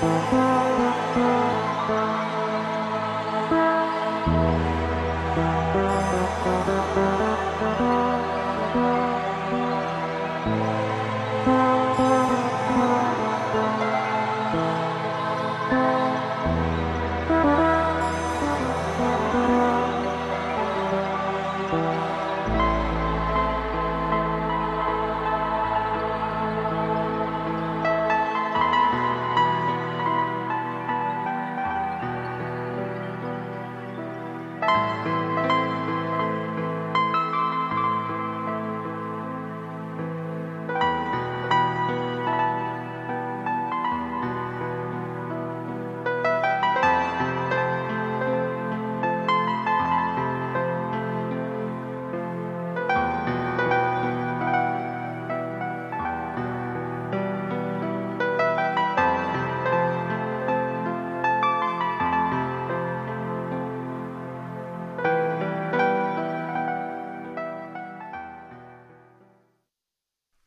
Thank you.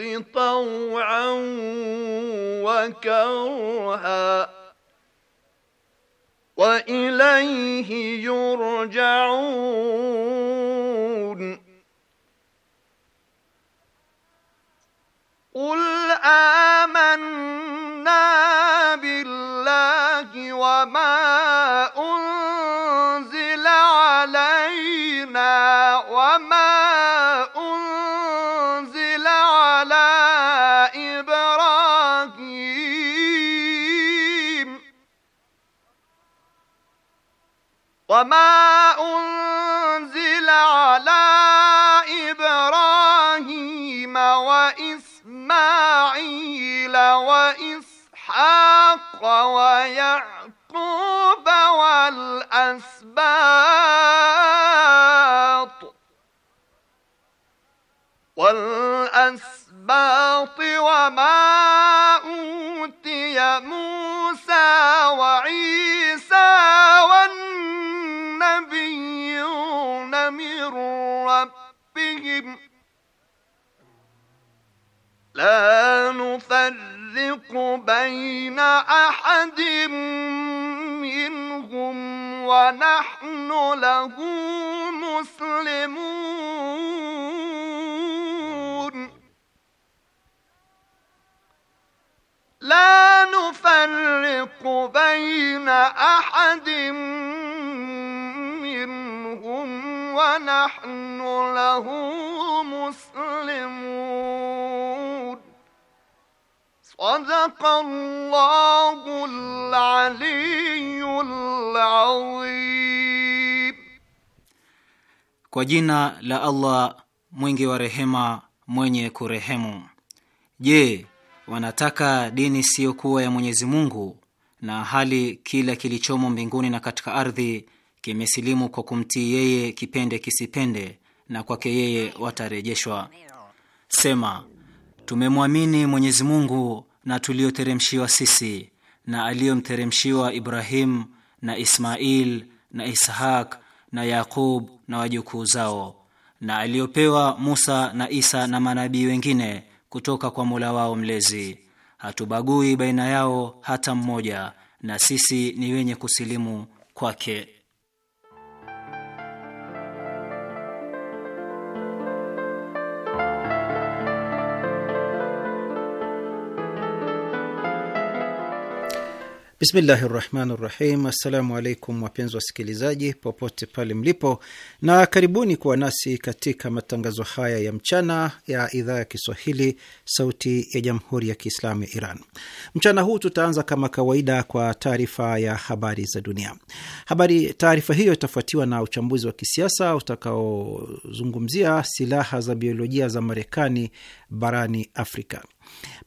الأرض طوعا وكرها وإليه يرجعون قل آمنا بالله وما أنزل وما أنزل على إبراهيم وإسماعيل وإسحاق ويعقوب والأسباط والأسباط وما أوتي موسى وعيسى من ربهم لا نفرق بين أحد منهم ونحن له مسلمون لا نفرق بين أحد منهم ونحن له مسلمون صدق الله العلي العظيم Kwa jina la Allah mwingi wa rehema mwenye kurehemu. Je, wanataka dini siyokuwa ya Mwenyezi Mungu na hali kila kilichomo mbinguni na katika ardhi kimesilimu kwa kumtii yeye kipende kisipende, na kwake yeye watarejeshwa. Sema, tumemwamini Mwenyezi Mungu na tuliyoteremshiwa sisi na aliyomteremshiwa Ibrahim na Ismail na ishak na Yaqub na wajukuu zao na aliyopewa Musa na Isa na manabii wengine kutoka kwa Mola wao mlezi. Hatubagui baina yao hata mmoja, na sisi ni wenye kusilimu kwake. Bismillahi rahmani rahim. Assalamu alaikum wapenzi wasikilizaji popote pale mlipo, na karibuni kuwa nasi katika matangazo haya ya mchana ya idhaa ya Kiswahili sauti ya jamhuri ya Kiislamu ya Iran. Mchana huu tutaanza kama kawaida kwa taarifa ya habari za dunia. Habari taarifa hiyo itafuatiwa na uchambuzi wa kisiasa utakaozungumzia silaha za biolojia za Marekani barani Afrika.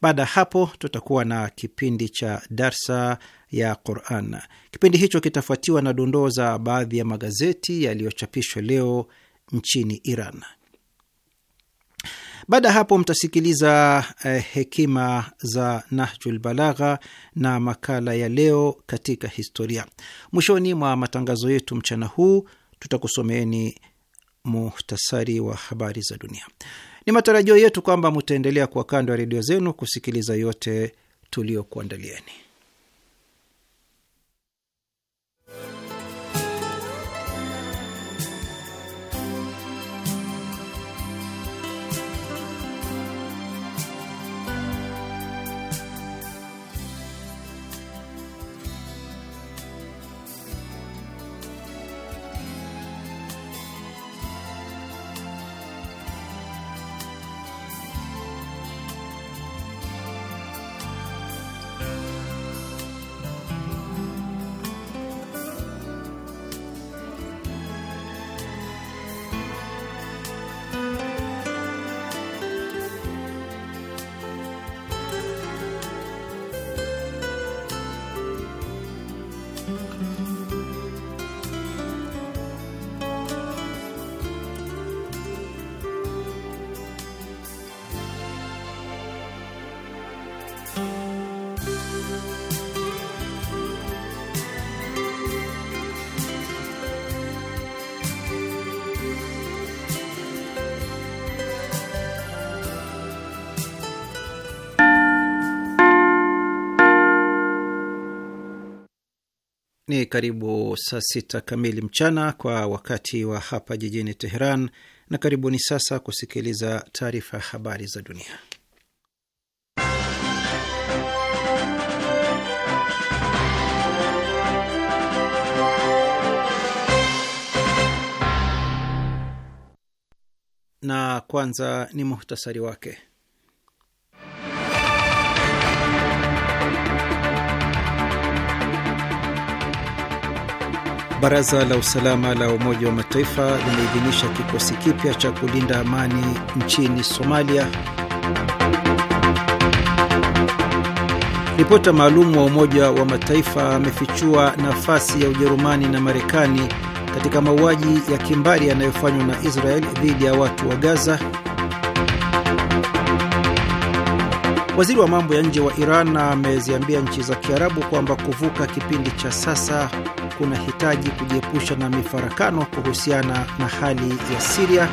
Baada ya hapo, tutakuwa na kipindi cha darsa ya Quran. Kipindi hicho kitafuatiwa na dondoo za baadhi ya magazeti yaliyochapishwa leo nchini Iran. Baada ya hapo mtasikiliza eh, hekima za Nahjul Balagha na makala ya leo katika historia. Mwishoni mwa matangazo yetu mchana huu tutakusomeeni muhtasari wa habari za dunia. Ni matarajio yetu kwamba mutaendelea kuwa kando ya redio zenu kusikiliza yote tuliokuandalieni. Ni karibu saa sita kamili mchana kwa wakati wa hapa jijini Teheran, na karibuni sasa kusikiliza taarifa ya habari za dunia. Na kwanza ni muhtasari wake. Baraza la usalama la Umoja wa Mataifa limeidhinisha kikosi kipya cha kulinda amani nchini Somalia. Ripota maalum wa Umoja wa Mataifa amefichua nafasi ya Ujerumani na Marekani katika mauaji ya kimbari yanayofanywa na Israel dhidi ya watu wa Gaza. Waziri wa mambo ya nje wa Iran ameziambia nchi za Kiarabu kwamba kuvuka kipindi cha sasa kunahitaji kujiepusha na mifarakano kuhusiana na hali ya Siria.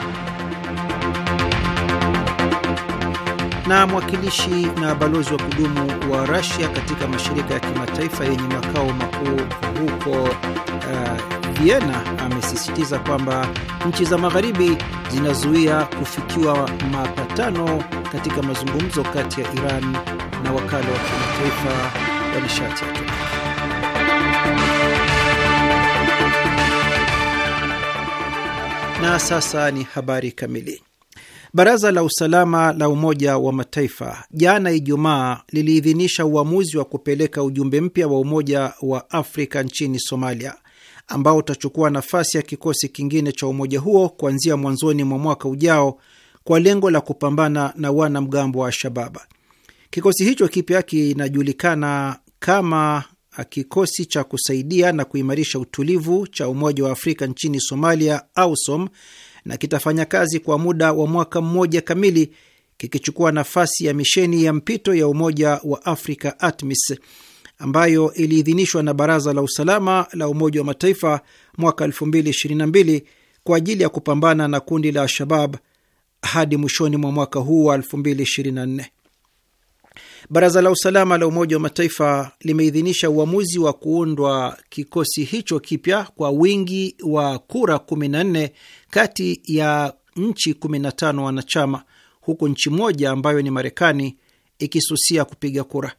Na mwakilishi na balozi wa kudumu wa Rasia katika mashirika ya kimataifa yenye makao makuu huko uh, Vienna amesisitiza kwamba nchi za Magharibi zinazuia kufikiwa mapatano katika mazungumzo kati ya Iran na wakala wa kimataifa wa nishati ya atomiki. Na sasa ni habari kamili. Baraza la usalama la Umoja wa Mataifa jana Ijumaa liliidhinisha uamuzi wa kupeleka ujumbe mpya wa Umoja wa Afrika nchini Somalia ambao utachukua nafasi ya kikosi kingine cha umoja huo kuanzia mwanzoni mwa mwaka ujao kwa lengo la kupambana na wanamgambo wa al-shabab Kikosi hicho kipya kinajulikana kama kikosi cha kusaidia na kuimarisha utulivu cha Umoja wa Afrika nchini Somalia, AUSOM, na kitafanya kazi kwa muda wa mwaka mmoja kamili kikichukua nafasi ya misheni ya mpito ya Umoja wa Afrika, ATMIS, ambayo iliidhinishwa na Baraza la Usalama la Umoja wa Mataifa mwaka 2022 kwa ajili ya kupambana na kundi la Al-Shabab hadi mwishoni mwa mwaka huu wa 2024. Baraza la usalama la Umoja wa Mataifa limeidhinisha uamuzi wa kuundwa kikosi hicho kipya kwa wingi wa kura 14 kati ya nchi 15 wanachama, huku nchi moja ambayo ni Marekani ikisusia kupiga kura.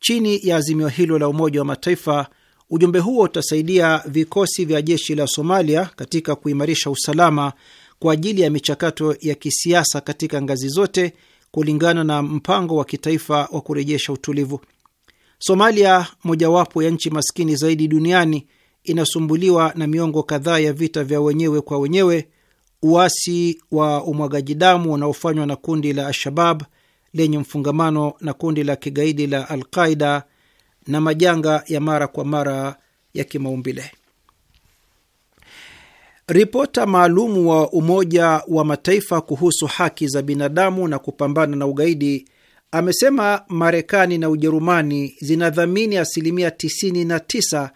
Chini ya azimio hilo la Umoja wa Mataifa, ujumbe huo utasaidia vikosi vya jeshi la Somalia katika kuimarisha usalama kwa ajili ya michakato ya kisiasa katika ngazi zote kulingana na mpango wa kitaifa wa kurejesha utulivu. Somalia, mojawapo ya nchi maskini zaidi duniani, inasumbuliwa na miongo kadhaa ya vita vya wenyewe kwa wenyewe, uasi wa umwagaji damu unaofanywa na kundi la Al-Shabab lenye mfungamano na kundi la kigaidi la Al-Qaida na majanga ya mara kwa mara ya kimaumbile. Ripota maalumu wa Umoja wa Mataifa kuhusu haki za binadamu na kupambana na ugaidi amesema Marekani na Ujerumani zinadhamini asilimia 99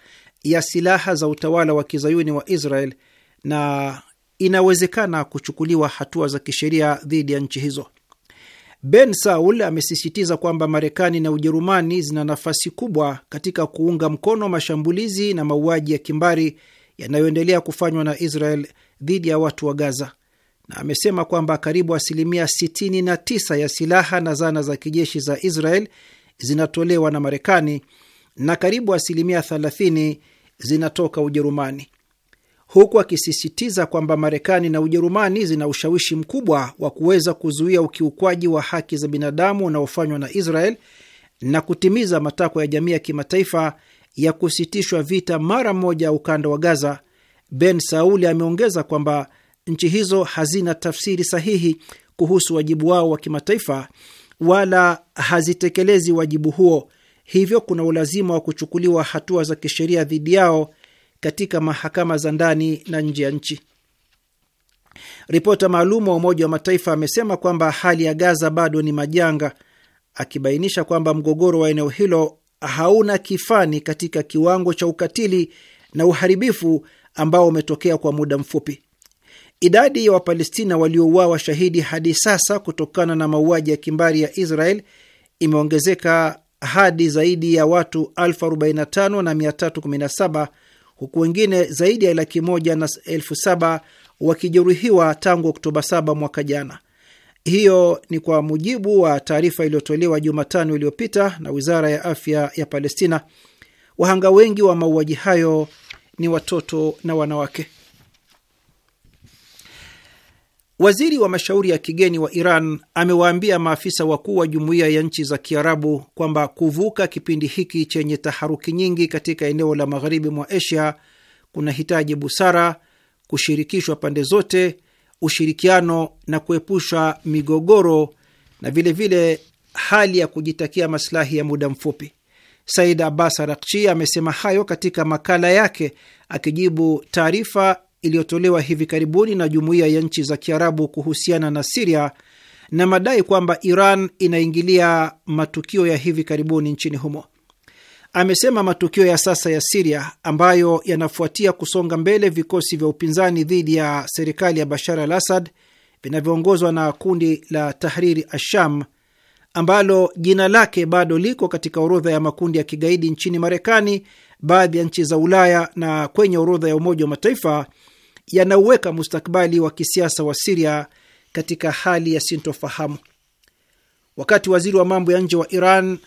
ya silaha za utawala wa kizayuni wa Israel na inawezekana kuchukuliwa hatua za kisheria dhidi ya nchi hizo. Ben Saul amesisitiza kwamba Marekani na Ujerumani zina nafasi kubwa katika kuunga mkono mashambulizi na mauaji ya kimbari yanayoendelea kufanywa na Israel dhidi ya watu wa Gaza, na amesema kwamba karibu asilimia 69 ya silaha na zana za kijeshi za Israel zinatolewa na Marekani na karibu asilimia 30 zinatoka Ujerumani, huku akisisitiza kwamba Marekani na Ujerumani zina ushawishi mkubwa wa kuweza kuzuia ukiukwaji wa haki za binadamu unaofanywa na Israel na kutimiza matakwa ya jamii ya kimataifa ya kusitishwa vita mara moja ukanda wa Gaza, Ben Sauli ameongeza kwamba nchi hizo hazina tafsiri sahihi kuhusu wajibu wao wa kimataifa wala hazitekelezi wajibu huo, hivyo kuna ulazima wa kuchukuliwa hatua za kisheria dhidi yao katika mahakama za ndani na nje ya nchi. Ripota maalum wa Umoja wa Mataifa amesema kwamba hali ya Gaza bado ni majanga, akibainisha kwamba mgogoro wa eneo hilo hauna kifani katika kiwango cha ukatili na uharibifu ambao umetokea kwa muda mfupi. Idadi ya Wapalestina waliouawa shahidi hadi sasa kutokana na mauaji ya kimbari ya Israel imeongezeka hadi zaidi ya watu 45,317 huku wengine zaidi ya laki moja na elfu saba wakijeruhiwa tangu Oktoba 7 mwaka jana. Hiyo ni kwa mujibu wa taarifa iliyotolewa Jumatano iliyopita na wizara ya afya ya Palestina. Wahanga wengi wa mauaji hayo ni watoto na wanawake. Waziri wa mashauri ya kigeni wa Iran amewaambia maafisa wakuu wa jumuiya ya nchi za Kiarabu kwamba kuvuka kipindi hiki chenye taharuki nyingi katika eneo la magharibi mwa Asia kunahitaji busara, kushirikishwa pande zote ushirikiano na kuepusha migogoro na vilevile vile hali ya kujitakia masilahi ya muda mfupi. Said Abbas Arakchi amesema hayo katika makala yake akijibu taarifa iliyotolewa hivi karibuni na Jumuiya ya Nchi za Kiarabu kuhusiana na Siria na madai kwamba Iran inaingilia matukio ya hivi karibuni nchini humo amesema matukio ya sasa ya Siria ambayo yanafuatia kusonga mbele vikosi vya upinzani dhidi ya serikali ya Bashar al Assad vinavyoongozwa na kundi la Tahriri Asham ambalo jina lake bado liko katika orodha ya makundi ya kigaidi nchini Marekani, baadhi ya nchi za Ulaya na kwenye orodha ya Umoja wa Mataifa yanauweka mustakbali wa kisiasa wa Siria katika hali ya sintofahamu. Wakati waziri wa mambo ya nje wa Iran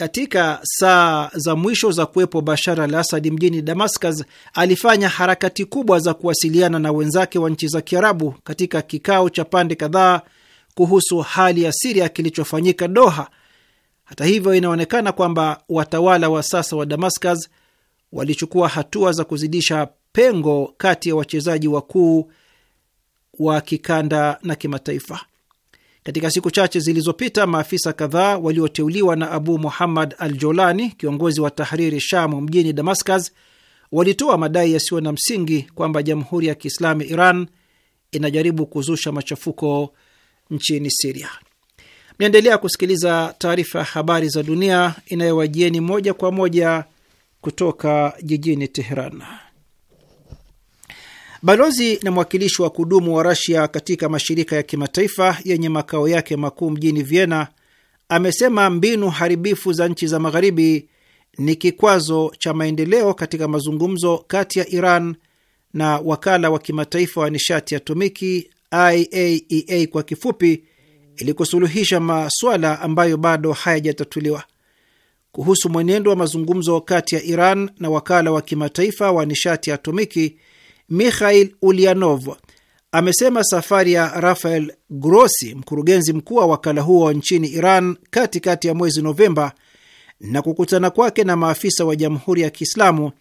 katika saa za mwisho za kuwepo Bashar al Asadi mjini Damascus, alifanya harakati kubwa za kuwasiliana na wenzake wa nchi za Kiarabu katika kikao cha pande kadhaa kuhusu hali ya Siria kilichofanyika Doha. Hata hivyo, inaonekana kwamba watawala wa sasa wa Damascus walichukua hatua za kuzidisha pengo kati ya wachezaji wakuu wa kikanda na kimataifa. Katika siku chache zilizopita, maafisa kadhaa walioteuliwa na Abu Muhammad al Jolani, kiongozi wa Tahriri Shamu mjini Damascus, walitoa madai yasiyo na msingi kwamba Jamhuri ya Kiislamu Iran inajaribu kuzusha machafuko nchini Siria. Mnaendelea kusikiliza taarifa ya habari za dunia inayowajieni moja kwa moja kutoka jijini Teheran. Balozi na mwakilishi wa kudumu wa Rasia katika mashirika ya kimataifa yenye makao yake makuu mjini Vienna amesema mbinu haribifu za nchi za Magharibi ni kikwazo cha maendeleo katika mazungumzo kati ya Iran na wakala wa kimataifa wa nishati atomiki IAEA e kwa kifupi, ili kusuluhisha masuala ambayo bado hayajatatuliwa. Kuhusu mwenendo wa mazungumzo kati ya Iran na wakala wa kimataifa wa nishati ya atomiki Mikhail Ulianov amesema safari ya Rafael Grossi, mkurugenzi mkuu wa wakala huo nchini Iran katikati kati ya mwezi Novemba, na kukutana kwake na maafisa wa Jamhuri ya Kiislamu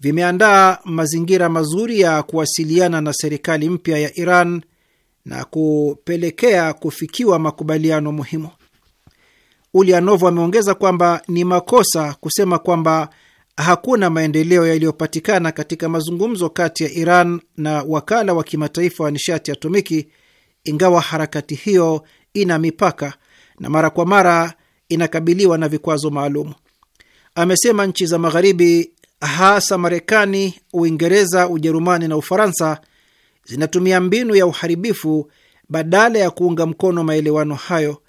vimeandaa mazingira mazuri ya kuwasiliana na serikali mpya ya Iran na kupelekea kufikiwa makubaliano muhimu. Ulianov ameongeza kwamba ni makosa kusema kwamba hakuna maendeleo yaliyopatikana katika mazungumzo kati ya Iran na wakala wa kimataifa wa nishati atomiki, ingawa harakati hiyo ina mipaka na mara kwa mara inakabiliwa na vikwazo maalum. Amesema nchi za Magharibi, hasa Marekani, Uingereza, Ujerumani na Ufaransa zinatumia mbinu ya uharibifu badala ya kuunga mkono maelewano hayo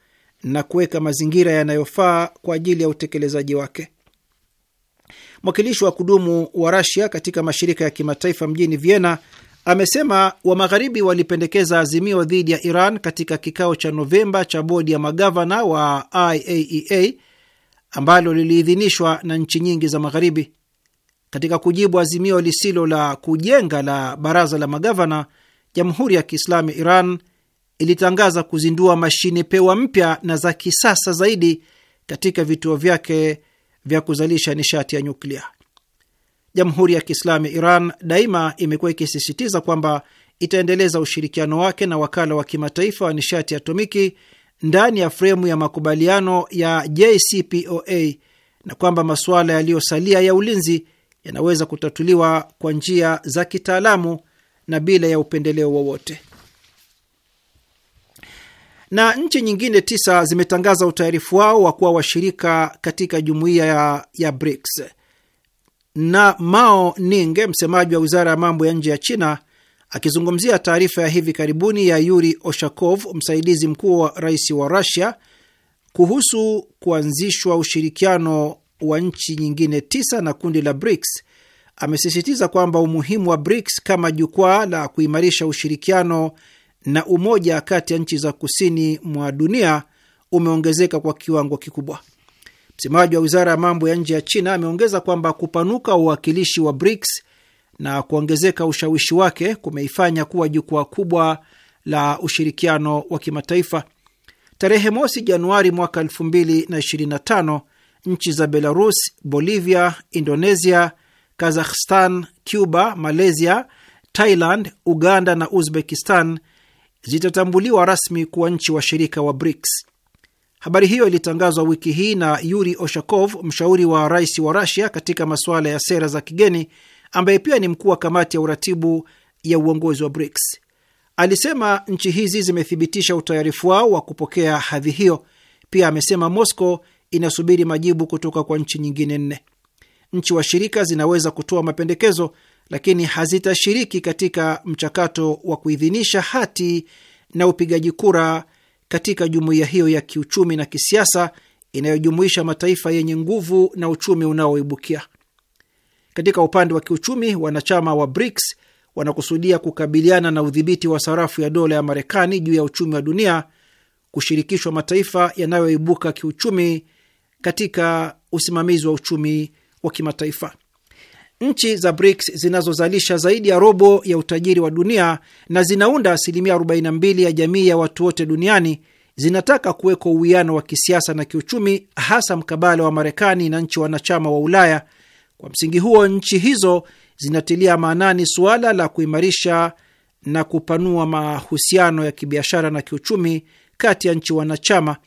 na kuweka mazingira yanayofaa kwa ajili ya utekelezaji wake. Mwakilishi wa kudumu wa Rasia katika mashirika ya kimataifa mjini Vienna amesema wa magharibi walipendekeza azimio dhidi ya Iran katika kikao cha Novemba cha bodi ya magavana wa IAEA e ambalo liliidhinishwa na nchi nyingi za magharibi. Katika kujibu azimio lisilo la kujenga la baraza la magavana, Jamhuri ya Kiislamu ya Iran ilitangaza kuzindua mashine pewa mpya na za kisasa zaidi katika vituo vyake vya kuzalisha nishati ya nyuklia. Jamhuri ya Kiislamu ya Iran daima imekuwa ikisisitiza kwamba itaendeleza ushirikiano wake na wakala wa kimataifa wa nishati ya atomiki ndani ya fremu ya makubaliano ya JCPOA na kwamba masuala yaliyosalia ya ulinzi yanaweza kutatuliwa kwa njia za kitaalamu na bila ya upendeleo wowote na nchi nyingine tisa zimetangaza utayarifu wao wa kuwa washirika katika jumuiya ya, ya BRICS. Na Mao Ning, msemaji wa wizara ya mambo ya nje ya China, akizungumzia taarifa ya hivi karibuni ya Yuri Oshakov, msaidizi mkuu wa rais wa Rusia, kuhusu kuanzishwa ushirikiano wa nchi nyingine tisa na kundi la BRICS, amesisitiza kwamba umuhimu wa BRICS kama jukwaa la kuimarisha ushirikiano na umoja kati ya nchi za kusini mwa dunia umeongezeka kwa kiwango kikubwa. Msemaji wa wizara ya mambo ya nje ya China ameongeza kwamba kupanuka uwakilishi wa BRICS na kuongezeka ushawishi wake kumeifanya kuwa jukwaa kubwa la ushirikiano wa kimataifa. Tarehe mosi Januari mwaka 2025 nchi za Belarus, Bolivia, Indonesia, Kazakhstan, Cuba, Malaysia, Thailand, Uganda na Uzbekistan zitatambuliwa rasmi kuwa nchi washirika wa BRICS. Habari hiyo ilitangazwa wiki hii na Yuri Oshakov, mshauri wa rais wa Rusia katika masuala ya sera za kigeni, ambaye pia ni mkuu wa kamati ya uratibu ya uongozi wa BRICS. Alisema nchi hizi zimethibitisha utayarifu wao wa kupokea hadhi hiyo. Pia amesema Moscow inasubiri majibu kutoka kwa nchi nyingine nne. Nchi washirika zinaweza kutoa mapendekezo lakini hazitashiriki katika mchakato wa kuidhinisha hati na upigaji kura katika jumuiya hiyo ya kiuchumi na kisiasa inayojumuisha mataifa yenye nguvu na uchumi unaoibukia. Katika upande wa kiuchumi, wanachama wa BRICS wanakusudia kukabiliana na udhibiti wa sarafu ya dola ya Marekani juu ya uchumi wa dunia, kushirikishwa mataifa yanayoibuka kiuchumi katika usimamizi wa uchumi wa kimataifa. Nchi za BRICS zinazozalisha zaidi ya robo ya utajiri wa dunia na zinaunda asilimia 42 ya jamii ya watu wote duniani zinataka kuwekwa uwiano wa kisiasa na kiuchumi, hasa mkabala wa Marekani na nchi wanachama wa Ulaya. Kwa msingi huo, nchi hizo zinatilia maanani suala la kuimarisha na kupanua mahusiano ya kibiashara na kiuchumi kati ya nchi wanachama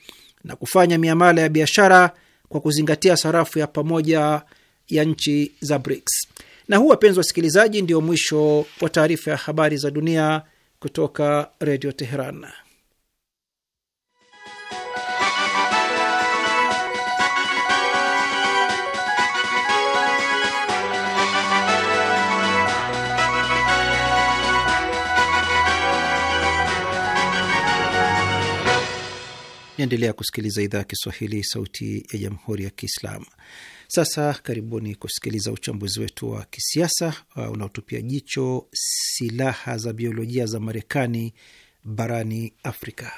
na kufanya miamala ya biashara kwa kuzingatia sarafu ya pamoja ya nchi za BRICS. Na huu, wapenzi wasikilizaji, ndio mwisho wa taarifa ya habari za dunia kutoka Redio Teheran. Naendelea kusikiliza idhaa ya Kiswahili, sauti ya jamhuri ya Kiislamu. Sasa karibuni kusikiliza uchambuzi wetu wa kisiasa uh, unaotupia jicho silaha za biolojia za Marekani barani Afrika.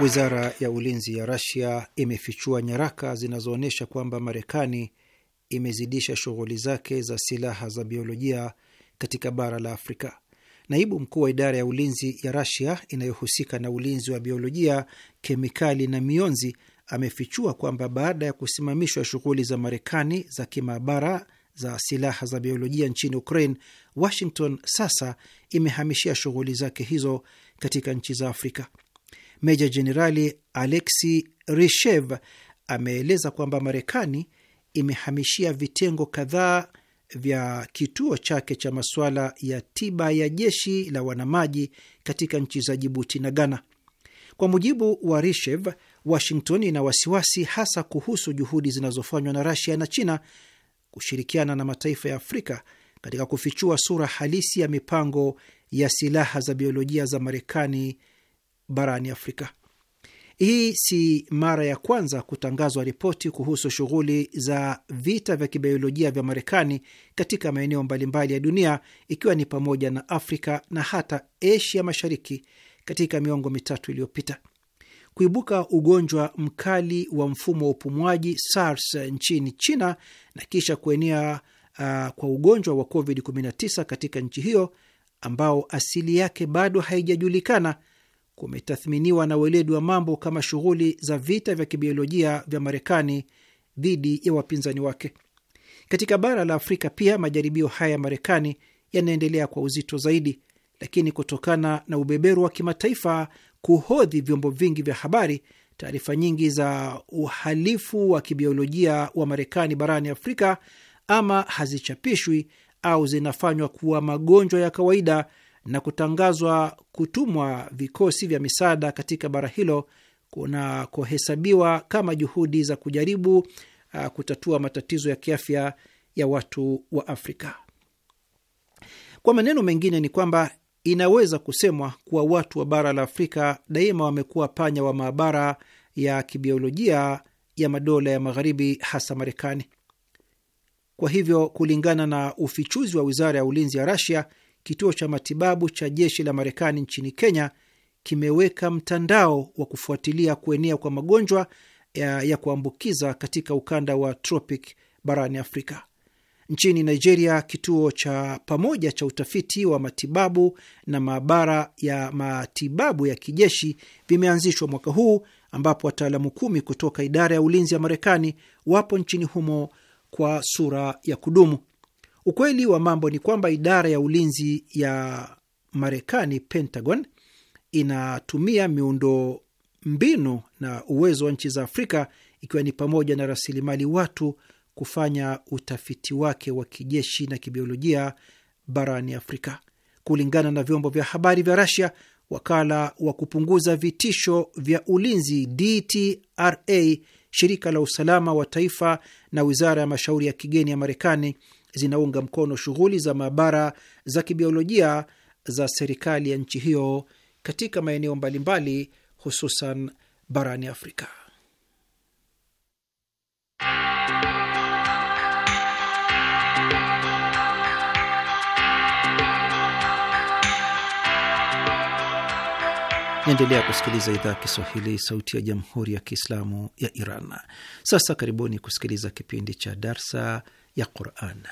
Wizara ya ulinzi ya Rasia imefichua nyaraka zinazoonyesha kwamba Marekani imezidisha shughuli zake za silaha za biolojia katika bara la Afrika. Naibu mkuu wa idara ya ulinzi ya Rasia inayohusika na ulinzi wa biolojia, kemikali na mionzi amefichua kwamba baada ya kusimamishwa shughuli za Marekani za kimaabara za silaha za biolojia nchini Ukraine, Washington sasa imehamishia shughuli zake hizo katika nchi za Afrika. Meja Jenerali Alexi Rishev ameeleza kwamba Marekani imehamishia vitengo kadhaa vya kituo chake cha masuala ya tiba ya jeshi la wanamaji katika nchi za Jibuti na Ghana. Kwa mujibu wa Rishev, Washington ina wasiwasi hasa kuhusu juhudi zinazofanywa na Rasia na China kushirikiana na mataifa ya Afrika katika kufichua sura halisi ya mipango ya silaha za biolojia za Marekani barani Afrika. Hii si mara ya kwanza kutangazwa ripoti kuhusu shughuli za vita vya kibiolojia vya Marekani katika maeneo mbalimbali ya dunia ikiwa ni pamoja na Afrika na hata Asia Mashariki katika miongo mitatu iliyopita. Kuibuka ugonjwa mkali wa mfumo wa upumuaji SARS nchini China na kisha kuenea uh, kwa ugonjwa wa COVID-19 katika nchi hiyo ambao asili yake bado haijajulikana kumetathminiwa na weledi wa mambo kama shughuli za vita vya kibiolojia vya Marekani dhidi ya wapinzani wake. Katika bara la Afrika pia majaribio haya ya Marekani yanaendelea kwa uzito zaidi, lakini kutokana na ubeberu wa kimataifa kuhodhi vyombo vingi vya habari, taarifa nyingi za uhalifu wa kibiolojia wa Marekani barani Afrika ama hazichapishwi au zinafanywa kuwa magonjwa ya kawaida na kutangazwa kutumwa vikosi vya misaada katika bara hilo kunakohesabiwa kama juhudi za kujaribu uh, kutatua matatizo ya kiafya ya watu wa Afrika. Kwa maneno mengine, ni kwamba inaweza kusemwa kuwa watu wa bara la Afrika daima wamekuwa panya wa maabara ya kibiolojia ya madola ya Magharibi, hasa Marekani. Kwa hivyo, kulingana na ufichuzi wa wizara ya ulinzi ya Rasia, kituo cha matibabu cha jeshi la Marekani nchini Kenya kimeweka mtandao wa kufuatilia kuenea kwa magonjwa ya, ya kuambukiza katika ukanda wa tropic barani Afrika. Nchini Nigeria, kituo cha pamoja cha utafiti wa matibabu na maabara ya matibabu ya kijeshi vimeanzishwa mwaka huu ambapo wataalamu kumi kutoka idara ya ulinzi ya Marekani wapo nchini humo kwa sura ya kudumu. Ukweli wa mambo ni kwamba idara ya ulinzi ya Marekani, Pentagon, inatumia miundo mbinu na uwezo wa nchi za Afrika ikiwa ni pamoja na rasilimali watu kufanya utafiti wake wa kijeshi na kibiolojia barani Afrika. Kulingana na vyombo vya habari vya rasia wakala wa kupunguza vitisho vya ulinzi DTRA, shirika la usalama wa taifa na wizara ya mashauri ya kigeni ya Marekani zinaunga mkono shughuli za maabara za kibiolojia za serikali ya nchi hiyo katika maeneo mbalimbali hususan barani Afrika. Naendelea kusikiliza idhaa ya Kiswahili, sauti ya jamhuri ya kiislamu ya Iran. Sasa karibuni kusikiliza kipindi cha darsa يا قرآن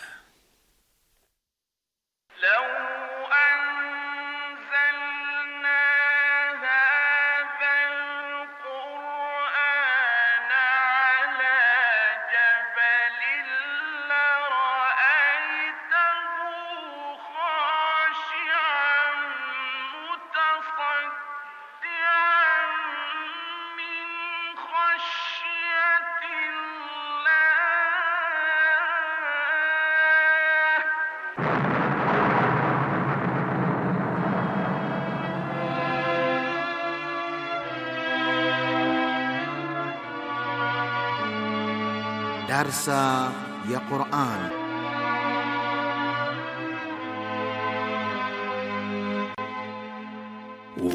Darsa ya Quran.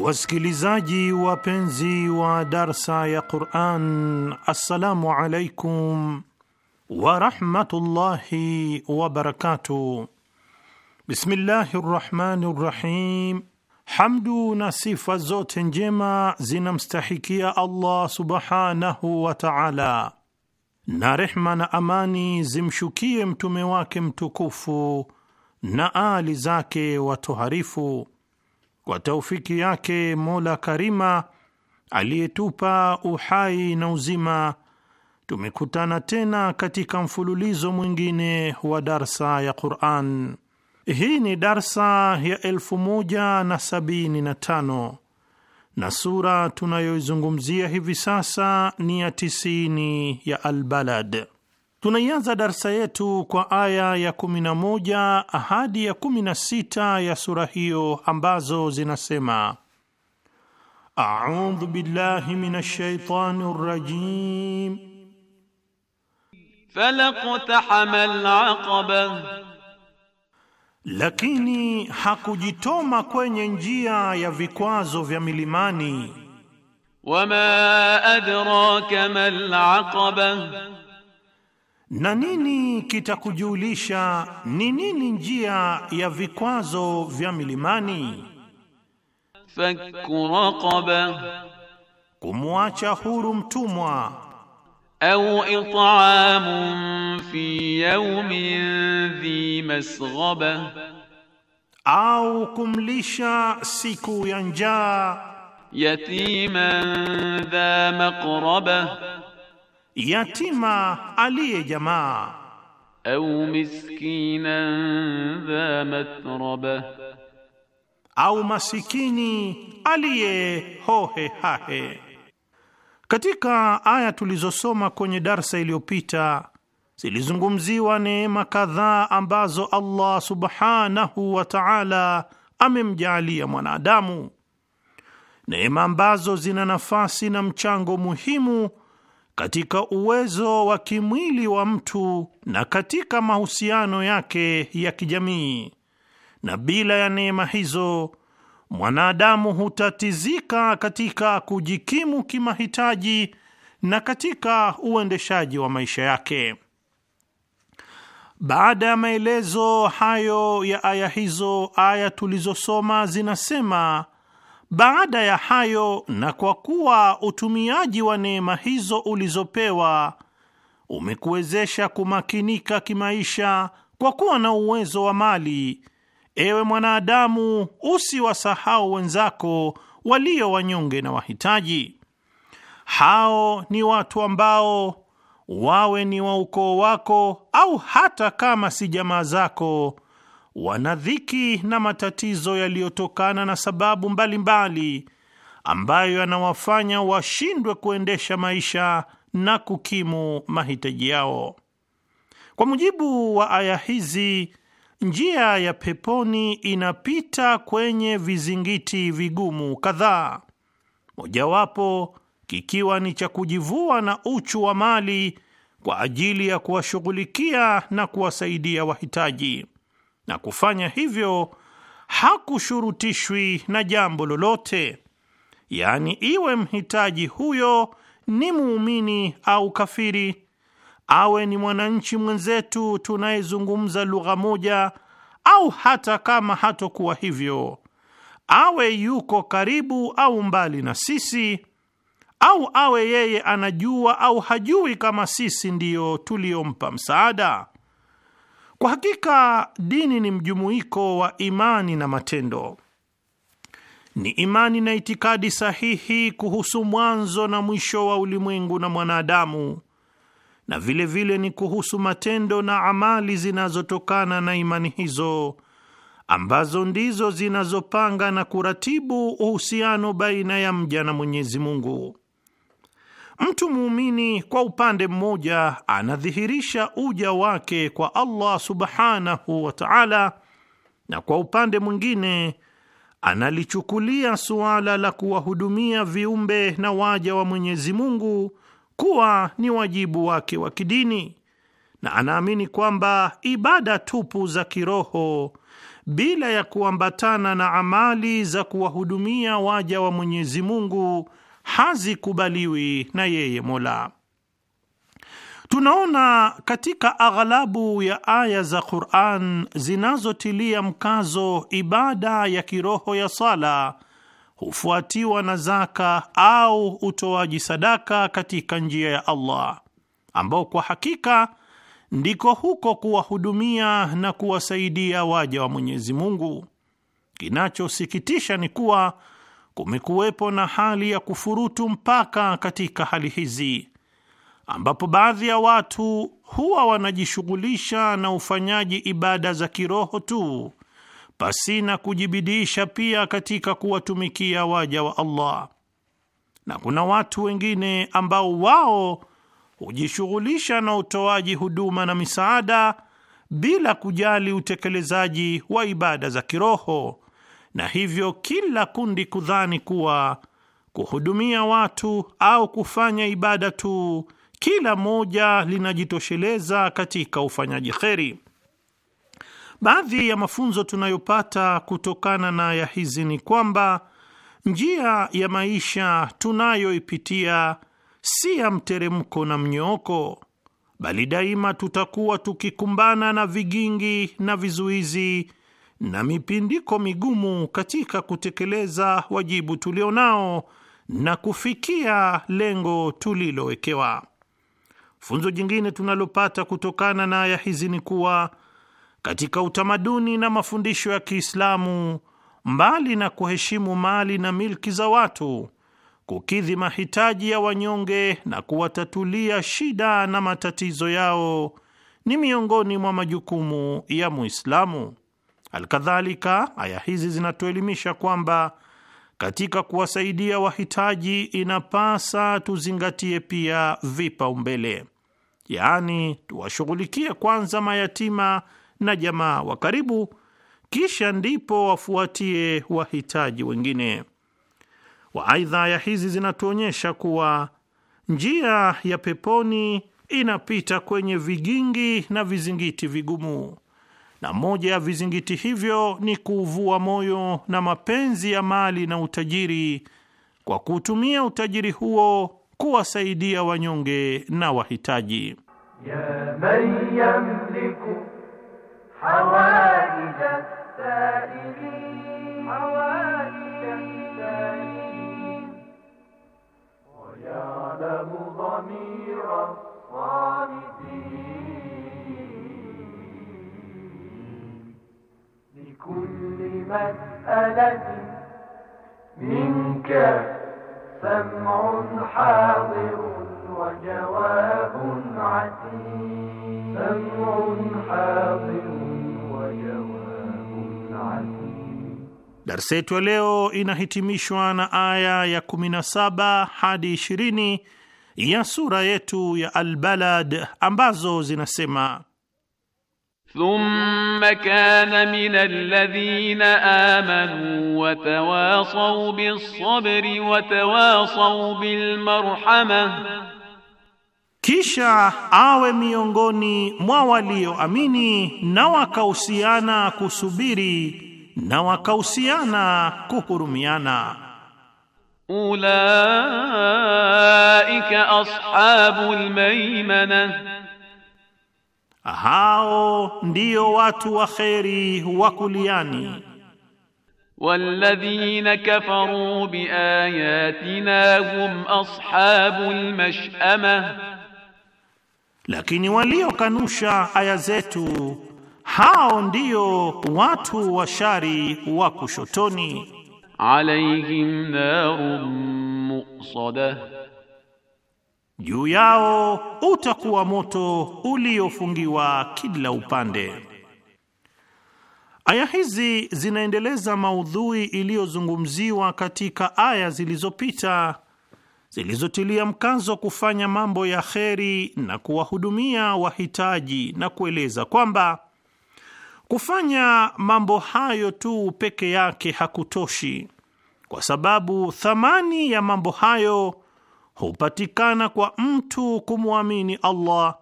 Wasikilizaji wapenzi wa darsa ya Quran, assalamu alaikum warahmatullahi wabarakatuh. Bismillahi rrahmani rrahim. Hamdu na sifa zote njema zinamstahikia Allah subhanahu wa taala na rehma na amani zimshukie mtume wake mtukufu na aali zake watoharifu. Kwa taufiki yake Mola Karima aliyetupa uhai na uzima, tumekutana tena katika mfululizo mwingine wa darsa ya Quran. Hii ni darsa ya elfu moja na sabini na tano na sura tunayoizungumzia hivi sasa ni ya tisini ya Albalad. Tunaianza darsa yetu kwa aya ya moja hadi ya kumi na sita ya sura hiyo ambazo zinasema: audhu billahi min shaitani rajim lakini hakujitoma kwenye njia ya vikwazo vya milimani. Wama adraka mal aqaba, na nini kitakujulisha ni nini njia ya vikwazo vya milimani? Fakku raqaba, kumwacha huru mtumwa أو إطعام في يوم ذي مسغبة أو كمليشا سيكو ينجا يتيما ذا مقربة يتيما علي جماعة أو مسكينا ذا متربة أو مسكيني علي هوه هاهي Katika aya tulizosoma kwenye darsa iliyopita zilizungumziwa neema kadhaa ambazo Allah subhanahu wa ta'ala amemjaalia mwanadamu, neema ambazo zina nafasi na mchango muhimu katika uwezo wa kimwili wa mtu na katika mahusiano yake ya kijamii, na bila ya neema hizo mwanadamu hutatizika katika kujikimu kimahitaji na katika uendeshaji wa maisha yake. Baada ya maelezo hayo ya aya hizo, aya tulizosoma zinasema baada ya hayo, na kwa kuwa utumiaji wa neema hizo ulizopewa umekuwezesha kumakinika kimaisha kwa kuwa na uwezo wa mali Ewe mwanadamu, usiwasahau wenzako walio wanyonge na wahitaji. Hao ni watu ambao wawe ni wa ukoo wako au hata kama si jamaa zako, wana dhiki na matatizo yaliyotokana na sababu mbalimbali mbali, ambayo yanawafanya washindwe kuendesha maisha na kukimu mahitaji yao. Kwa mujibu wa aya hizi Njia ya peponi inapita kwenye vizingiti vigumu kadhaa, mojawapo kikiwa ni cha kujivua na uchu wa mali kwa ajili ya kuwashughulikia na kuwasaidia wahitaji, na kufanya hivyo hakushurutishwi na jambo lolote, yaani iwe mhitaji huyo ni muumini au kafiri awe ni mwananchi mwenzetu tunayezungumza lugha moja, au hata kama hatokuwa hivyo, awe yuko karibu au mbali na sisi, au awe yeye anajua au hajui kama sisi ndiyo tuliompa msaada. Kwa hakika dini ni mjumuiko wa imani na matendo. Ni imani na itikadi sahihi kuhusu mwanzo na mwisho wa ulimwengu na mwanadamu na vile vile ni kuhusu matendo na amali zinazotokana na imani hizo ambazo ndizo zinazopanga na kuratibu uhusiano baina ya mja na Mwenyezi Mungu. Mtu muumini kwa upande mmoja anadhihirisha uja wake kwa Allah subhanahu wa ta'ala, na kwa upande mwingine analichukulia suala la kuwahudumia viumbe na waja wa Mwenyezi Mungu kuwa ni wajibu wake wa kidini, na anaamini kwamba ibada tupu za kiroho bila ya kuambatana na amali za kuwahudumia waja wa Mwenyezi Mungu hazikubaliwi na yeye Mola. Tunaona katika aghalabu ya aya za Qur'an zinazotilia mkazo ibada ya kiroho ya sala hufuatiwa na zaka au utoaji sadaka katika njia ya Allah, ambao kwa hakika ndiko huko kuwahudumia na kuwasaidia waja wa Mwenyezi Mungu. Kinachosikitisha ni kuwa kumekuwepo na hali ya kufurutu mpaka katika hali hizi, ambapo baadhi ya watu huwa wanajishughulisha na ufanyaji ibada za kiroho tu pasi na kujibidisha pia katika kuwatumikia waja wa Allah. Na kuna watu wengine ambao wao hujishughulisha na utoaji huduma na misaada bila kujali utekelezaji wa ibada za kiroho, na hivyo kila kundi kudhani kuwa kuhudumia watu au kufanya ibada tu, kila moja linajitosheleza katika ufanyaji kheri. Baadhi ya mafunzo tunayopata kutokana na ya hizi ni kwamba njia ya maisha tunayoipitia si ya mteremko na mnyooko, bali daima tutakuwa tukikumbana na vigingi na vizuizi na mipindiko migumu katika kutekeleza wajibu tulio nao na kufikia lengo tulilowekewa. Funzo jingine tunalopata kutokana na aya hizi ni kuwa katika utamaduni na mafundisho ya Kiislamu, mbali na kuheshimu mali na milki za watu, kukidhi mahitaji ya wanyonge na kuwatatulia shida na matatizo yao ni miongoni mwa majukumu ya Muislamu. Alkadhalika, aya hizi zinatuelimisha kwamba katika kuwasaidia wahitaji inapasa tuzingatie pia vipaumbele, yaani tuwashughulikie kwanza mayatima na jamaa wa karibu, kisha ndipo wafuatie wahitaji wengine. Waaidha, ya hizi zinatuonyesha kuwa njia ya peponi inapita kwenye vigingi na vizingiti vigumu, na moja ya vizingiti hivyo ni kuuvua moyo na mapenzi ya mali na utajiri, kwa kuutumia utajiri huo kuwasaidia wanyonge na wahitaji ya حوائج السائلين حوائج السائلين ويعلم ضمير الصامتين لكل مسألة منك سمع حاضر وجواب عتيم سمع حاضر Darsa yetu ya leo inahitimishwa na aya ya 17 hadi 20 ya sura yetu ya Albalad ambazo zinasema Thumma kana min alladhina amanu watawasau bis sabri watawasau bil marhamah Kisha awe miongoni mwa walioamini na wakahusiana kusubiri na wakahusiana kuhurumiana. Ulaika ashabul maimana, hao ndio watu wa kheri wa kuliani. Walladhina kafaru biayatina hum ashabul mash'ama Lakini waliokanusha aya zetu hao ndio watu shari wa kushotoni. alayhim narun musada, juu yao utakuwa moto uliofungiwa kila upande. Aya hizi zinaendeleza maudhui iliyozungumziwa katika aya zilizopita zilizotilia mkazo kufanya mambo ya kheri na kuwahudumia wahitaji na kueleza kwamba kufanya mambo hayo tu peke yake hakutoshi, kwa sababu thamani ya mambo hayo hupatikana kwa mtu kumwamini Allah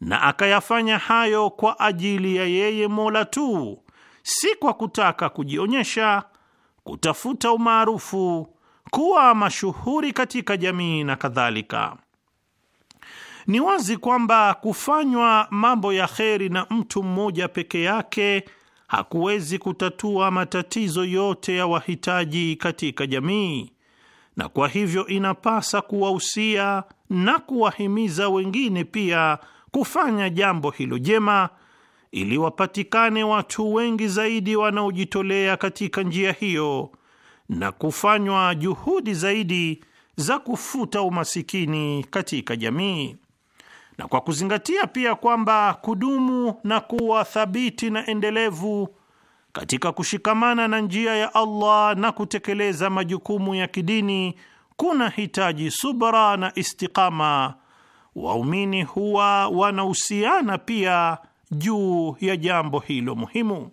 na akayafanya hayo kwa ajili ya yeye Mola tu, si kwa kutaka kujionyesha, kutafuta umaarufu kuwa mashuhuri katika jamii na kadhalika. Ni wazi kwamba kufanywa mambo ya kheri na mtu mmoja peke yake hakuwezi kutatua matatizo yote ya wahitaji katika jamii, na kwa hivyo inapasa kuwahusia na kuwahimiza wengine pia kufanya jambo hilo jema ili wapatikane watu wengi zaidi wanaojitolea katika njia hiyo na kufanywa juhudi zaidi za kufuta umasikini katika jamii, na kwa kuzingatia pia kwamba kudumu na kuwa thabiti na endelevu katika kushikamana na njia ya Allah na kutekeleza majukumu ya kidini kuna hitaji subra na istiqama, waumini huwa wanahusiana pia juu ya jambo hilo muhimu.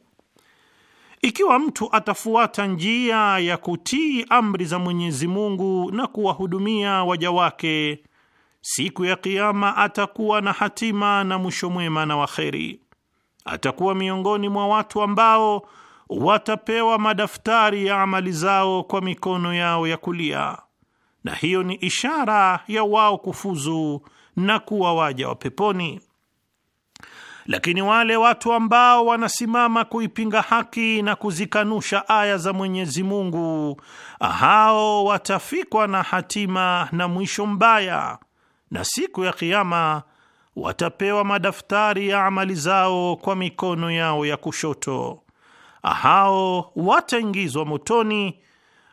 Ikiwa mtu atafuata njia ya kutii amri za Mwenyezi Mungu na kuwahudumia waja wake, siku ya Kiyama atakuwa na hatima na mwisho mwema na waheri. Atakuwa miongoni mwa watu ambao watapewa madaftari ya amali zao kwa mikono yao ya kulia, na hiyo ni ishara ya wao kufuzu na kuwa waja wa peponi. Lakini wale watu ambao wanasimama kuipinga haki na kuzikanusha aya za Mwenyezi Mungu, hao watafikwa na hatima na mwisho mbaya, na siku ya Kiama watapewa madaftari ya amali zao kwa mikono yao ya kushoto. Hao wataingizwa motoni,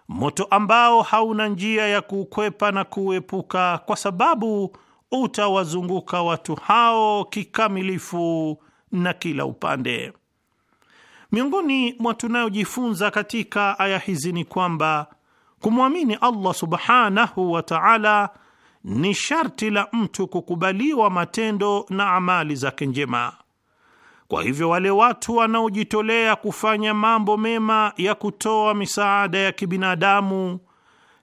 moto ambao hauna njia ya kuukwepa na kuuepuka, kwa sababu utawazunguka watu hao kikamilifu na kila upande. Miongoni mwa tunayojifunza katika aya hizi ni kwamba kumwamini Allah subhanahu wa ta'ala ni sharti la mtu kukubaliwa matendo na amali zake njema. Kwa hivyo wale watu wanaojitolea kufanya mambo mema ya kutoa misaada ya kibinadamu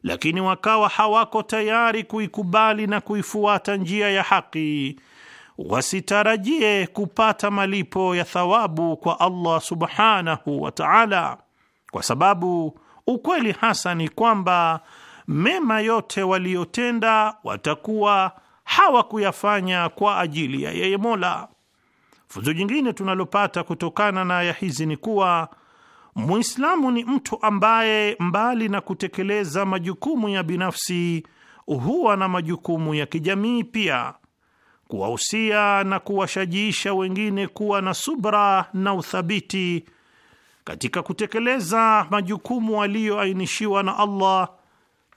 lakini wakawa hawako tayari kuikubali na kuifuata njia ya haki, wasitarajie kupata malipo ya thawabu kwa Allah subhanahu wa ta'ala, kwa sababu ukweli hasa ni kwamba mema yote waliyotenda watakuwa hawakuyafanya kwa ajili ya yeye Mola. Funzo jingine tunalopata kutokana na aya hizi ni kuwa Muislamu ni mtu ambaye mbali na kutekeleza majukumu ya binafsi huwa na majukumu ya kijamii pia, kuwahusia na kuwashajiisha wengine kuwa na subra na uthabiti katika kutekeleza majukumu aliyoainishiwa na Allah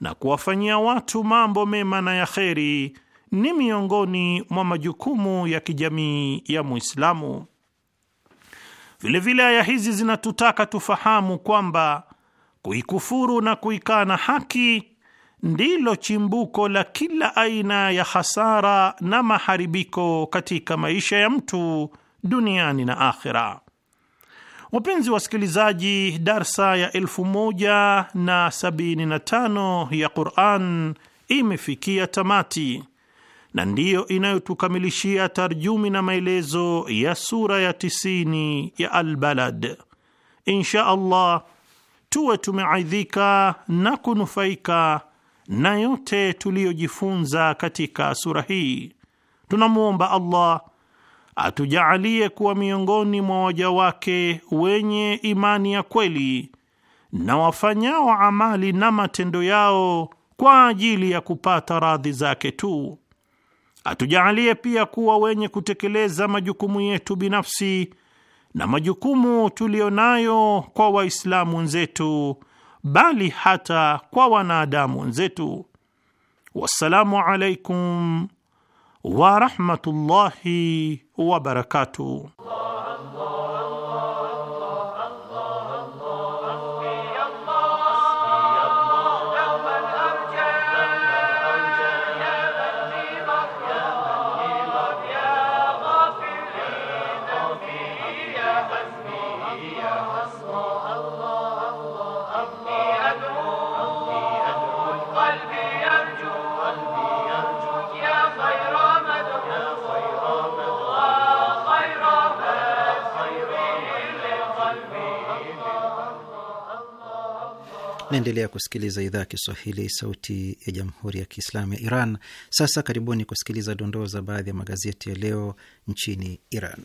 na kuwafanyia watu mambo mema na ya kheri ni miongoni mwa majukumu ya kijamii ya Muislamu. Vilevile aya hizi zinatutaka tufahamu kwamba kuikufuru na kuikana haki ndilo chimbuko la kila aina ya hasara na maharibiko katika maisha ya mtu duniani na akhira Wapenzi wasikilizaji, darsa ya 175 ya Qur'an imefikia tamati na ndiyo inayotukamilishia tarjumi na maelezo ya sura ya tisini ya Albalad. Insha Allah tuwe tumeaidhika na kunufaika na yote tuliyojifunza katika sura hii. Tunamwomba Allah atujaalie kuwa miongoni mwa waja wake wenye imani ya kweli na wafanyao amali na matendo yao kwa ajili ya kupata radhi zake tu. Atujaalie pia kuwa wenye kutekeleza majukumu yetu binafsi na majukumu tuliyonayo kwa Waislamu wenzetu, bali hata kwa wanadamu wenzetu. Wassalamu alaikum warahmatullahi wabarakatuh. Naendelea kusikiliza idhaa ya Kiswahili, sauti ya jamhuri ya kiislamu ya Iran. Sasa karibuni kusikiliza dondoo za baadhi ya magazeti ya leo nchini Iran.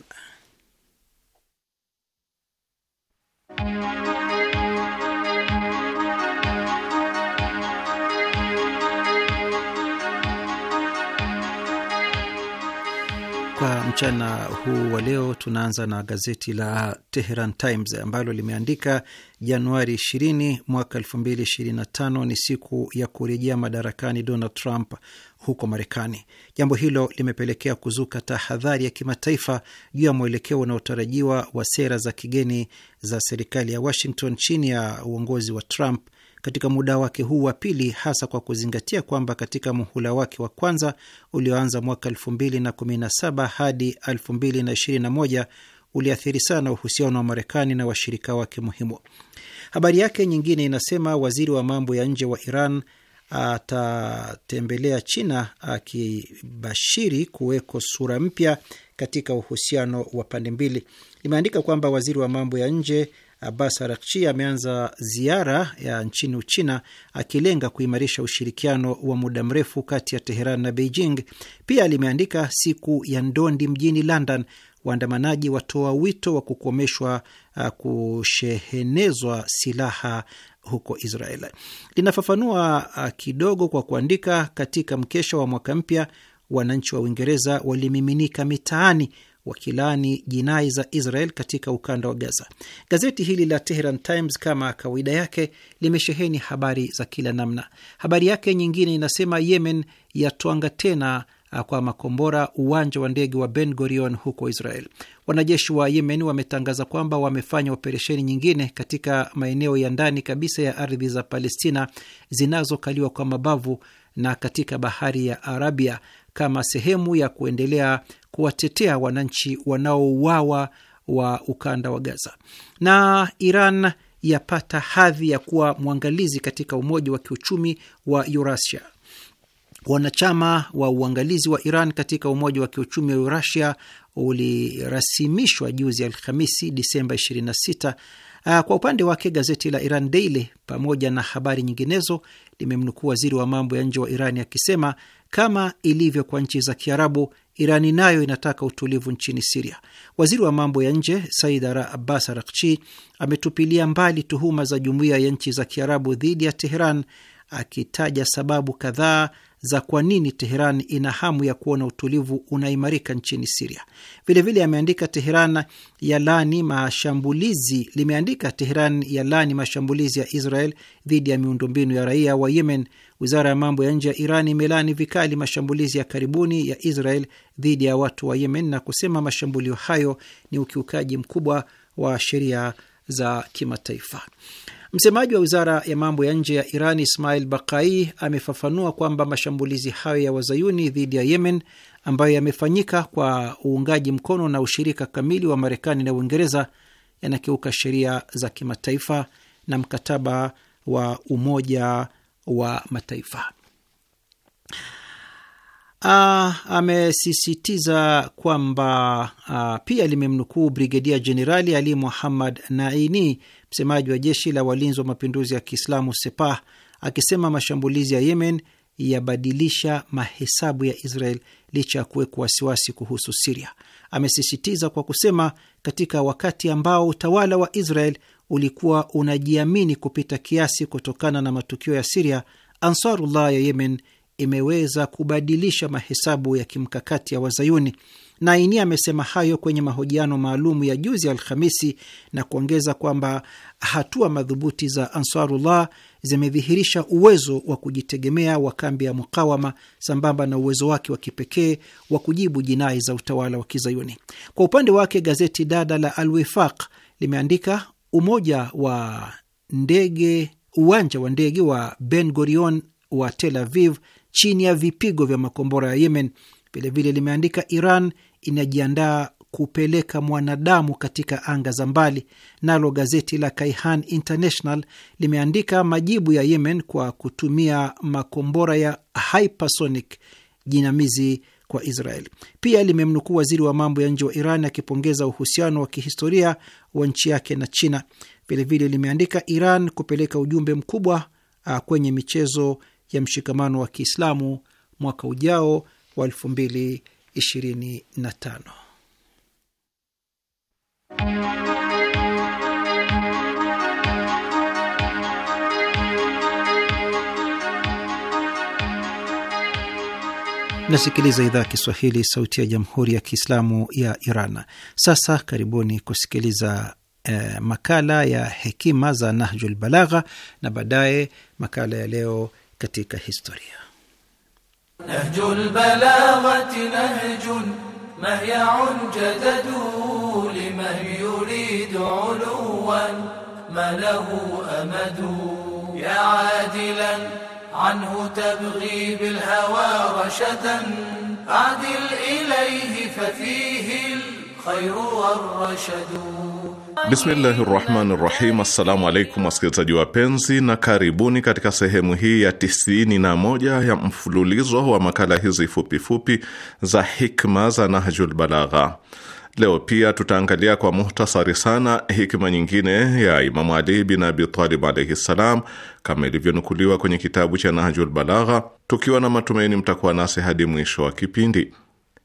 mchana huu wa leo tunaanza na gazeti la Teheran Times ambalo limeandika Januari 20 mwaka 2025 ni siku ya kurejea madarakani Donald Trump huko Marekani. Jambo hilo limepelekea kuzuka tahadhari ya kimataifa juu ya mwelekeo unaotarajiwa wa sera za kigeni za serikali ya Washington chini ya uongozi wa Trump katika muda wake huu wa pili, hasa kwa kuzingatia kwamba katika muhula wake wa kwanza ulioanza mwaka 2017 hadi 2021 uliathiri sana uhusiano wa Marekani na washirika wake muhimu. Habari yake nyingine inasema waziri wa mambo ya nje wa Iran atatembelea China akibashiri kuweko sura mpya katika uhusiano wa pande mbili. Limeandika kwamba waziri wa mambo ya nje Abbas Arakchi ameanza ziara ya nchini Uchina akilenga kuimarisha ushirikiano wa muda mrefu kati ya Teheran na Beijing. Pia limeandika siku ya ndondi mjini London, waandamanaji watoa wito wa kukomeshwa uh, kushehenezwa silaha huko Israel. Linafafanua uh, kidogo kwa kuandika, katika mkesha wa mwaka mpya wananchi wa Uingereza walimiminika mitaani wakilani jinai za Israel katika ukanda wa Gaza. Gazeti hili la Teheran Times kama kawaida yake limesheheni habari za kila namna. Habari yake nyingine inasema Yemen yatwanga tena uh, kwa makombora uwanja wa ndege wa Ben Gurion huko Israel. Wanajeshi wa Yemen wametangaza kwamba wamefanya operesheni nyingine katika maeneo ya ndani kabisa ya ardhi za Palestina zinazokaliwa kwa mabavu na katika bahari ya Arabia kama sehemu ya kuendelea kuwatetea wananchi wanaouawa wa ukanda wa Gaza, na Iran yapata hadhi ya kuwa mwangalizi katika umoja wa kiuchumi wa Eurasia wanachama wa uangalizi wa Iran katika Umoja wa Kiuchumi wa Urasia ulirasimishwa juzi Alhamisi, Disemba 26. Ah, kwa upande wake gazeti la Iran Daily pamoja na habari nyinginezo limemnukuu waziri wa mambo ya nje wa Irani akisema kama ilivyo kwa nchi za Kiarabu, Irani nayo inataka utulivu nchini Siria. Waziri wa mambo ya nje Said Abbas Arakchi ametupilia mbali tuhuma za jumuiya ya nchi za Kiarabu dhidi ya Teheran akitaja sababu kadhaa za kwa nini Teheran ina hamu ya kuona utulivu unaimarika nchini Siria. Vilevile ameandika Teheran lani mashambulizi limeandika Teheran lani mashambulizi ya Israel dhidi ya miundombinu ya raia wa Yemen. Wizara ya mambo ya nje ya Iran imelani vikali mashambulizi ya karibuni ya Israel dhidi ya watu wa Yemen na kusema mashambulio hayo ni ukiukaji mkubwa wa sheria za kimataifa. Msemaji wa wizara ya mambo ya nje ya Iran Ismail Bakai amefafanua kwamba mashambulizi hayo ya wazayuni dhidi ya Yemen ambayo yamefanyika kwa uungaji mkono na ushirika kamili wa Marekani na Uingereza yanakiuka sheria za kimataifa na mkataba wa Umoja wa Mataifa uh, amesisitiza kwamba uh, pia limemnukuu Brigedia Jenerali Ali Muhammad Naini, msemaji wa jeshi la walinzi wa mapinduzi ya Kiislamu Sepah, akisema mashambulizi ya Yemen yabadilisha mahesabu ya Israel licha ya kuwekwa wasiwasi kuhusu Siria. Amesisitiza kwa kusema, katika wakati ambao utawala wa Israel ulikuwa unajiamini kupita kiasi kutokana na matukio ya Siria, Ansarullah ya Yemen imeweza kubadilisha mahesabu ya kimkakati ya Wazayuni. Naini amesema hayo kwenye mahojiano maalum ya juzi Alhamisi na kuongeza kwamba hatua madhubuti za Ansarullah zimedhihirisha uwezo wa kujitegemea wa kambi ya mukawama sambamba na uwezo wake wa kipekee wa kujibu jinai za utawala wa Kizayuni. Kwa upande wake, gazeti dada la Alwifaq limeandika umoja wa ndege uwanja wa ndege wa Ben Gurion wa Tel Aviv chini ya vipigo vya makombora ya Yemen. Vilevile limeandika Iran inajiandaa kupeleka mwanadamu katika anga za mbali. Nalo gazeti la Kaihan International limeandika majibu ya Yemen kwa kutumia makombora ya hypersonic jinamizi kwa Israel. Pia limemnukuu waziri wa mambo ya nje wa Iran akipongeza uhusiano wa kihistoria wa nchi yake na China. Vilevile limeandika Iran kupeleka ujumbe mkubwa ah, kwenye michezo ya mshikamano wa Kiislamu mwaka ujao wa 2025. Nasikiliza idhaa ya Kiswahili, sauti ya jamhuri ya kiislamu ya Iran. Sasa karibuni kusikiliza eh, makala ya hekima za Nahjul Balagha na baadaye makala ya leo katika historia. Nahjul balaghati nahjun mahyaun jadadu liman yuridu uluwan ma lahu amadu ya adilan anhu tabghi bil hawa rashadan 'adil أعدل إليه khayru الخير rashadu Bismillahi rahmani rahim. Assalamu alaikum wasikilizaji wapenzi, na karibuni katika sehemu hii ya 91 ya mfululizo wa makala hizi fupifupi fupi za hikma za Nahjul Balagha. Leo pia tutaangalia kwa muhtasari sana hikma nyingine ya Imamu Ali bin Abi Talib alaihi ssalam, kama ilivyonukuliwa kwenye kitabu cha Nahjul Balagha, tukiwa na matumaini mtakuwa nasi hadi mwisho wa kipindi.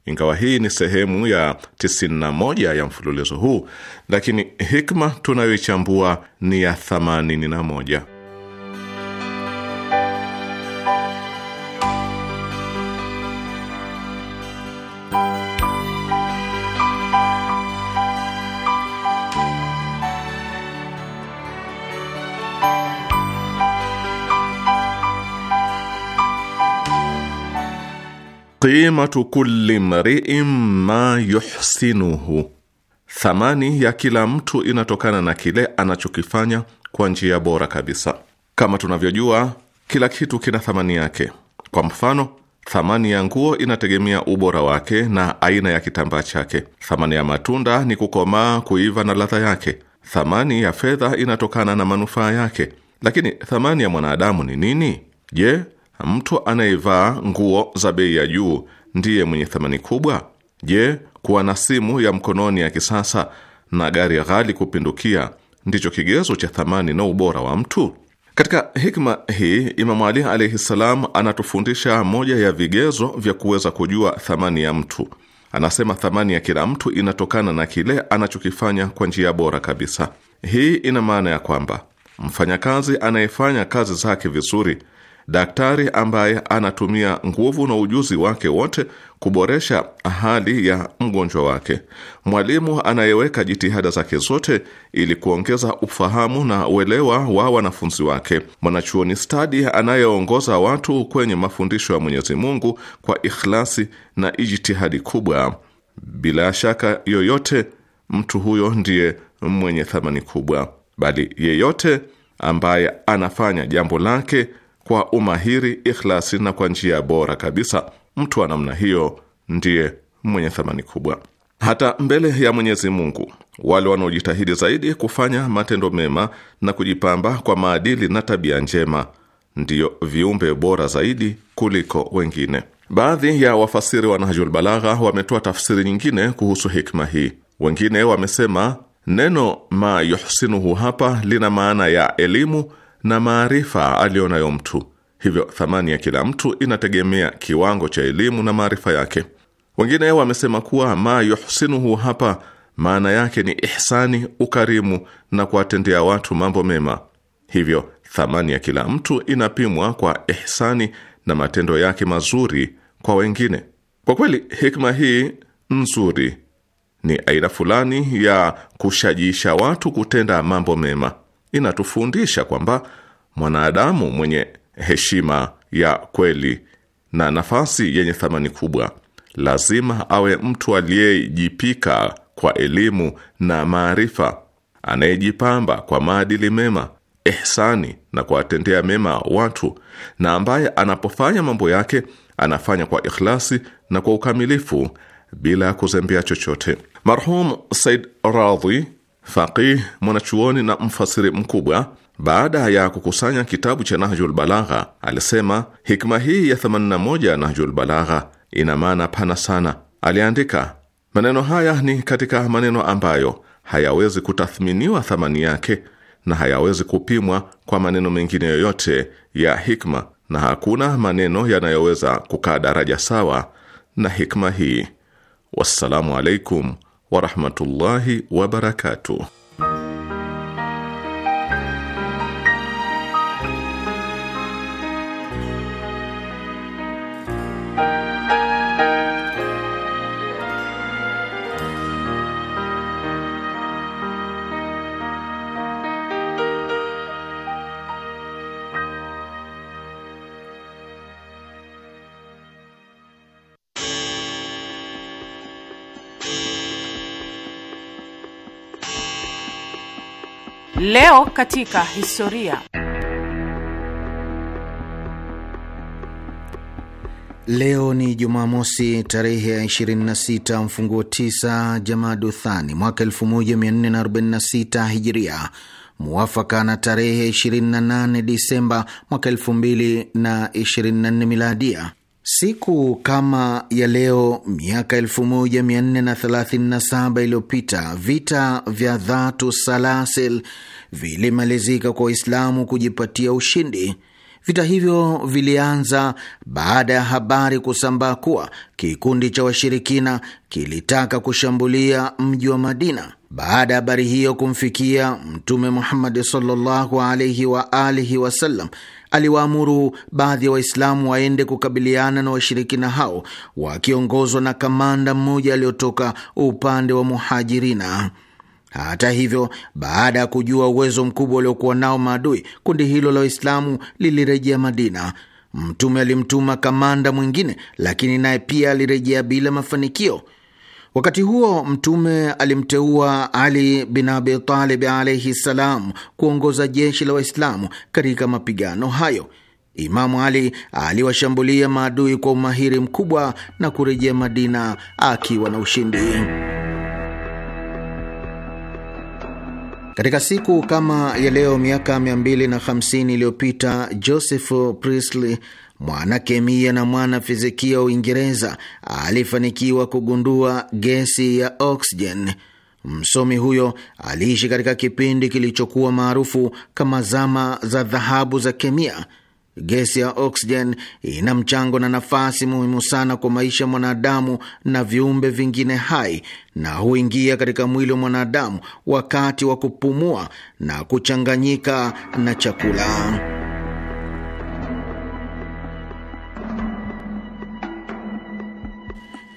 Ingawa hii ni sehemu ya 91 ya mfululizo huu, lakini hikma tunayoichambua ni ya 81. qimatu kulli mri'in ma yuhsinuhu, thamani ya kila mtu inatokana na kile anachokifanya kwa njia bora kabisa. Kama tunavyojua, kila kitu kina thamani yake. Kwa mfano, thamani ya nguo inategemea ubora wake na aina ya kitambaa chake. Thamani ya matunda ni kukomaa, kuiva na ladha yake. Thamani ya fedha inatokana na manufaa yake. Lakini thamani ya mwanadamu ni nini? Je, mtu anayevaa nguo za bei ya juu ndiye mwenye thamani kubwa? Je, kuwa na simu ya mkononi ya kisasa na gari ghali kupindukia ndicho kigezo cha thamani na ubora wa mtu? Katika hikma hii Imamu Ali alaihi ssalam anatufundisha moja ya vigezo vya kuweza kujua thamani ya mtu. Anasema thamani ya kila mtu inatokana na kile anachokifanya kwa njia bora kabisa. Hii ina maana ya kwamba mfanyakazi anayefanya kazi zake vizuri daktari ambaye anatumia nguvu na ujuzi wake wote kuboresha hali ya mgonjwa wake, mwalimu anayeweka jitihada zake zote ili kuongeza ufahamu na uelewa wa wanafunzi wake, mwanachuoni stadi anayeongoza watu kwenye mafundisho ya Mwenyezi Mungu kwa ikhlasi na ijitihadi kubwa. Bila shaka yoyote, mtu huyo ndiye mwenye thamani kubwa, bali yeyote ambaye anafanya jambo lake kwa umahiri, ikhlasi na kwa njia bora kabisa. Mtu wa namna hiyo ndiye mwenye thamani kubwa hata mbele ya Mwenyezi Mungu. Wale wanaojitahidi zaidi kufanya matendo mema na kujipamba kwa maadili na tabia njema ndiyo viumbe bora zaidi kuliko wengine. Baadhi ya wafasiri wa Nahjul Balagha wametoa tafsiri nyingine kuhusu hikma hii. Wengine wamesema neno ma yuhsinuhu hapa lina maana ya elimu na maarifa aliyonayo mtu. Hivyo thamani ya kila mtu inategemea kiwango cha elimu na maarifa yake. Wengine wamesema kuwa ma yuhsinuhu hapa maana yake ni ihsani, ukarimu na kuwatendea watu mambo mema. Hivyo thamani ya kila mtu inapimwa kwa ihsani na matendo yake mazuri kwa wengine. Kwa kweli hikma hii nzuri ni aina fulani ya kushajiisha watu kutenda mambo mema inatufundisha kwamba mwanadamu mwenye heshima ya kweli na nafasi yenye thamani kubwa lazima awe mtu aliyejipika kwa elimu na maarifa, anayejipamba kwa maadili mema, ihsani na kuwatendea mema watu, na ambaye anapofanya mambo yake anafanya kwa ikhlasi na kwa ukamilifu bila kuzembea chochote. Marhum Said Radhi faqih, mwanachuoni na mfasiri mkubwa, baada ya kukusanya kitabu cha Nahjul Balagha alisema hikma hii ya 81 ya Nahjul Balagha ina maana pana sana. Aliandika, maneno haya ni katika maneno ambayo hayawezi kutathminiwa thamani yake na hayawezi kupimwa kwa maneno mengine yoyote ya hikma, na hakuna maneno yanayoweza kukaa daraja sawa na hikma hii. Wassalamu alaikum ورحمه الله وبركاته Leo katika historia. Leo ni Jumamosi tarehe ya 26 mfunguo 9 Jamadu Thani mwaka 1446 Hijiria, muwafaka na tarehe 28 Disemba mwaka 2024 Miladia. Siku kama ya leo miaka 1437 iliyopita vita vya Dhatu Salasil vilimalizika kwa Waislamu kujipatia ushindi. Vita hivyo vilianza baada ya habari kusambaa kuwa kikundi cha washirikina kilitaka kushambulia mji wa Madina. Baada ya habari hiyo kumfikia Mtume Muhammadi sallallahu alaihi wa alihi wasallam, aliwaamuru baadhi ya Waislamu waende kukabiliana na washirikina hao wakiongozwa na kamanda mmoja aliyotoka upande wa Muhajirina. Hata hivyo, baada ya kujua uwezo mkubwa uliokuwa nao maadui, kundi hilo la Waislamu lilirejea Madina. Mtume alimtuma kamanda mwingine, lakini naye pia alirejea bila mafanikio. Wakati huo Mtume alimteua Ali bin Abi Talib alaihi ssalam kuongoza jeshi la Waislamu katika mapigano hayo. Imamu Ali aliwashambulia maadui kwa umahiri mkubwa na kurejea Madina akiwa na ushindi. Katika siku kama ya leo miaka 250 iliyopita Joseph Priestley kemia na mwana fizikia wa Uingereza alifanikiwa kugundua gesi ya oksijen. Msomi huyo aliishi katika kipindi kilichokuwa maarufu kama zama za dhahabu za kemia Gesi ya oksijen ina mchango na nafasi muhimu sana kwa maisha ya mwanadamu na viumbe vingine hai, na huingia katika mwili wa mwanadamu wakati wa kupumua na kuchanganyika na chakula.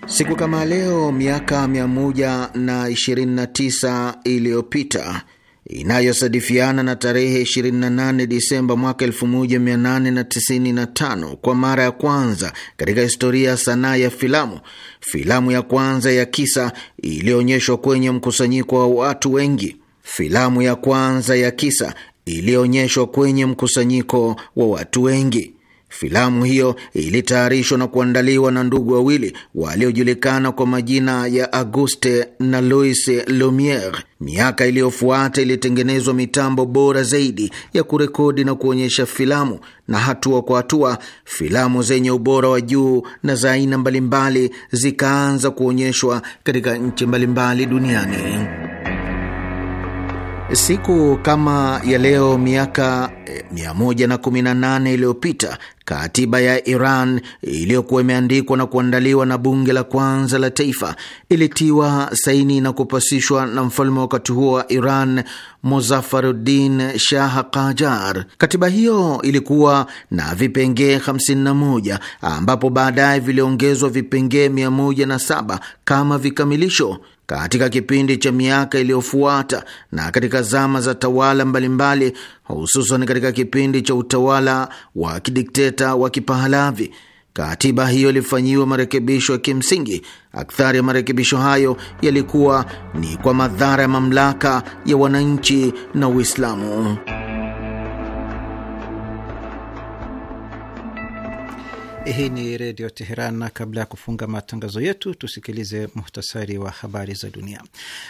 Siku kama leo miaka 129 iliyopita inayosadifiana na tarehe 28 Disemba mwaka 1895, kwa mara ya kwanza katika historia ya sanaa ya filamu, filamu ya kwanza ya kisa iliyoonyeshwa kwenye mkusanyiko wa watu wengi. Filamu ya kwanza ya kisa iliyoonyeshwa kwenye mkusanyiko wa watu wengi. Filamu hiyo ilitayarishwa na kuandaliwa na ndugu wawili waliojulikana kwa majina ya Auguste na Louis Lumiere. Miaka iliyofuata ilitengenezwa mitambo bora zaidi ya kurekodi na kuonyesha filamu, na hatua kwa hatua filamu zenye ubora wa juu na za aina mbalimbali zikaanza kuonyeshwa katika nchi mbalimbali duniani. Siku kama ya leo miaka 118 eh, iliyopita Katiba ya Iran iliyokuwa imeandikwa na kuandaliwa na bunge la kwanza la taifa ilitiwa saini na kupasishwa na mfalme wakati huo wa Iran, muzafarudin Shah Kajar. Katiba hiyo ilikuwa na vipengee 51 ambapo baadaye viliongezwa vipengee 107 kama vikamilisho. Katika kipindi cha miaka iliyofuata na katika zama za tawala mbalimbali, hususan katika kipindi cha utawala wa kidikteta wa Kipahalavi, katiba hiyo ilifanyiwa marekebisho ya kimsingi. Akthari ya marekebisho hayo yalikuwa ni kwa madhara ya mamlaka ya wananchi na Uislamu. Hii ni Redio Teheran, na kabla ya kufunga matangazo yetu tusikilize muhtasari wa habari za dunia.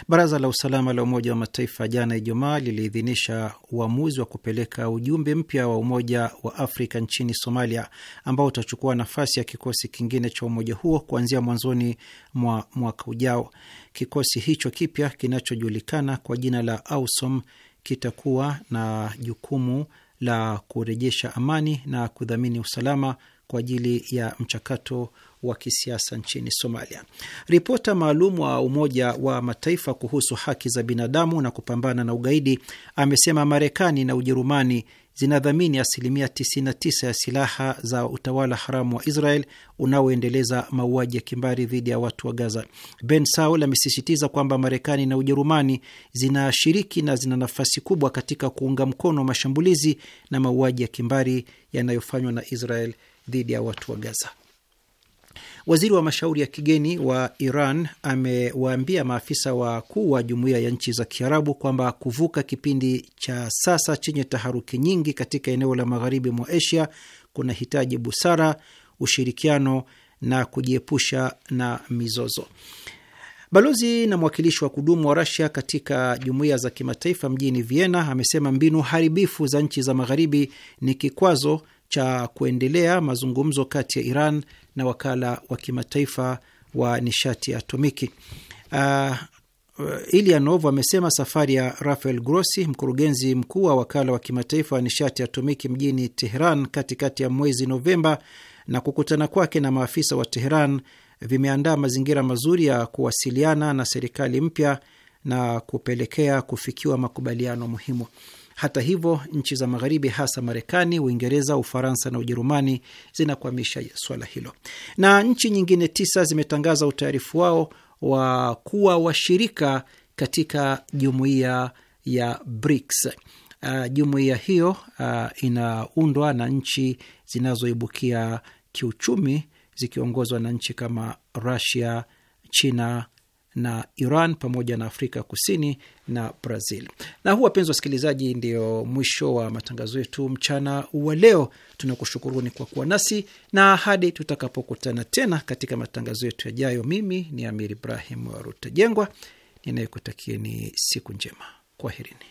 Baraza la Usalama la Umoja wa Mataifa jana Ijumaa liliidhinisha uamuzi wa kupeleka ujumbe mpya wa Umoja wa Afrika nchini Somalia, ambao utachukua nafasi ya kikosi kingine cha umoja huo kuanzia mwanzoni mwa mwaka ujao. Kikosi hicho kipya kinachojulikana kwa jina la AUSOM kitakuwa na jukumu la kurejesha amani na kudhamini usalama kwa ajili ya mchakato wa kisiasa nchini Somalia. Ripota maalum wa Umoja wa Mataifa kuhusu haki za binadamu na kupambana na ugaidi amesema Marekani na Ujerumani zinadhamini asilimia 99 ya silaha za utawala haramu wa Israel unaoendeleza mauaji ya kimbari dhidi ya watu wa Gaza. Ben Saul amesisitiza kwamba Marekani na Ujerumani zinashiriki na zina nafasi kubwa katika kuunga mkono mashambulizi na mauaji ya kimbari yanayofanywa na Israel dhidi ya watu wa Gaza. Waziri wa mashauri ya kigeni wa Iran amewaambia maafisa wakuu wa jumuiya ya nchi za Kiarabu kwamba kuvuka kipindi cha sasa chenye taharuki nyingi katika eneo la magharibi mwa Asia kuna hitaji busara, ushirikiano na kujiepusha na mizozo. Balozi na mwakilishi wa kudumu wa Rasia katika jumuiya za kimataifa mjini Vienna amesema mbinu haribifu za nchi za magharibi ni kikwazo cha kuendelea mazungumzo kati ya Iran na wakala wa kimataifa wa nishati atomiki. Uh, Ilianov amesema safari ya Rafael Grossi, mkurugenzi mkuu wa wakala wa kimataifa wa nishati atomiki mjini Teheran katikati ya mwezi Novemba na kukutana kwake na maafisa wa Teheran vimeandaa mazingira mazuri ya kuwasiliana na serikali mpya na kupelekea kufikiwa makubaliano muhimu. Hata hivyo, nchi za Magharibi, hasa Marekani, Uingereza, Ufaransa na Ujerumani zinakwamisha swala hilo, na nchi nyingine tisa zimetangaza utayarifu wao wa kuwa washirika katika jumuiya ya BRICS. Uh, jumuiya hiyo uh, inaundwa na nchi zinazoibukia kiuchumi zikiongozwa na nchi kama Russia, China, na Iran pamoja na Afrika Kusini na Brazil. Na huu, wapenzi wasikilizaji, ndio mwisho wa matangazo yetu mchana wa leo. Tunakushukuruni kwa kuwa nasi na hadi tutakapokutana tena katika matangazo yetu yajayo, mimi ni Amir Ibrahim Rutajengwa ninayekutakieni siku njema. Kwaherini.